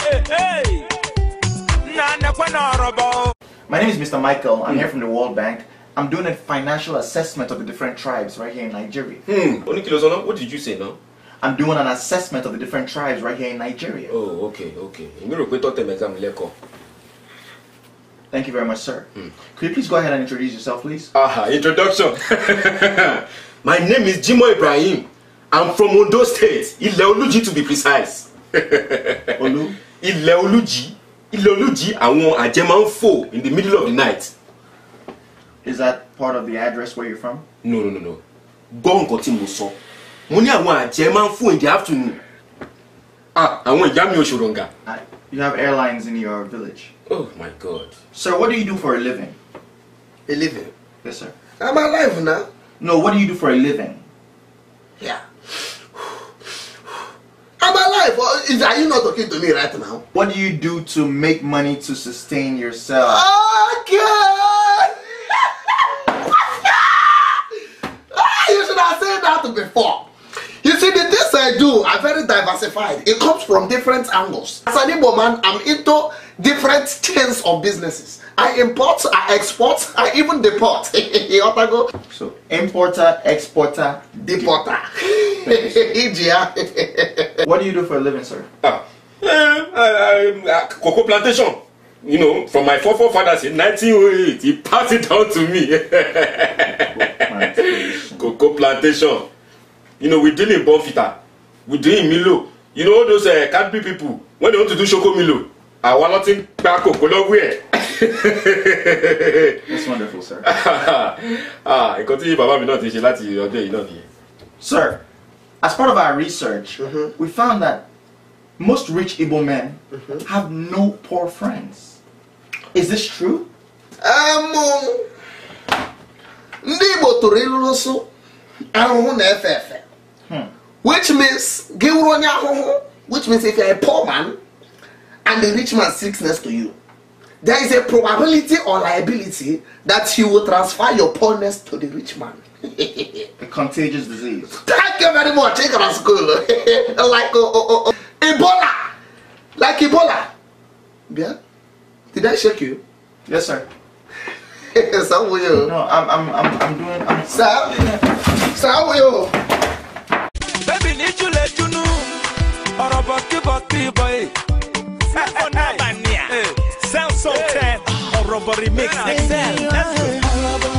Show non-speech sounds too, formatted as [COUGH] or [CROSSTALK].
My name is Mr. Michael. I'm mm. here from the World Bank. I'm doing a financial assessment of the different tribes right here in Nigeria. Hmm. What did you say now? I'm doing an assessment of the different tribes right here in Nigeria. Oh, okay, okay. Thank you very much, sir. Mm. Could you please go ahead and introduce yourself, please? Aha, introduction. [LAUGHS] My name is Jimo Ibrahim. I'm from Ondo State, Ile Oluji to be precise. [LAUGHS] Olu? ilẹ̀ olújì ilẹ̀ olújì àwọn àjẹ́ máa ń fò in the middle of the night. is that part of the address where you're from. no no no no gbọ́ nǹkan tí mo sọ mo ní àwọn àjẹ́ máa ń fò in the afternoon ah àwọn ìyá mi ò ṣòròǹgà. Ah, you have airlines in your village. oh my god. sir what do you do for a living. a living. yes sir. i'm alive now. no what do you do for a living. Is, are you not talking to me right now? What do you do to make money to sustain yourself? Oh, God! [LAUGHS] Ah, you should have said that before. You see, the things I do are very diversified. It comes from different angles. As an Igbo man, I'm into different [LAUGHS] things of businesses. I import, I export, I even deport. [LAUGHS] so, importer, exporter, deporter. What do you do for a living, sir? Ah, uh, uh, cocoa plantation. You know, from my forefathers in 1908, he passed it down to me. [LAUGHS] cocoa plantation. You know, we deal Bonfita. We deal Milo. You know all those uh, eh, Cadbury people, when they want to do Choco Milo, I want nothing ń cocoa. kòkó lọ́wọ́ [LAUGHS] That's wonderful, sir. [LAUGHS] Ah, nǹkan tí bàbá mi náà ti ṣe láti ọdún Sir. as part of our research, mm -hmm. we found that most rich Igbo men mm -hmm. have no poor friends. Is this true? Um, ndị Igbo tụrụ ịlụrụ so ahụhụ na-efe efe hmm. which means gị wụrụ onye ahụhụ which means if you're a poor man and the rich man sits next to you there is a probability or liability that he will transfer your poorness to the rich man. [LAUGHS] a contagious disease thank you very much ị gara school [LAUGHS] like oh, oh, oh, oh. Ebola like Ebola Yeah. did I shake you? Yes sir. [LAUGHS] sir how are you? No I'm I'm I'm I'm doing I'm. Sir sir how are you? Bébí ní Júlẹ̀ Júnú, ọ̀rọ̀ bọ̀kíbọ̀kí bọ̀yì. Sẹ́fọ̀n náà bà ní Sound so ten, ọ̀rọ̀ bọ̀ remix. Excel,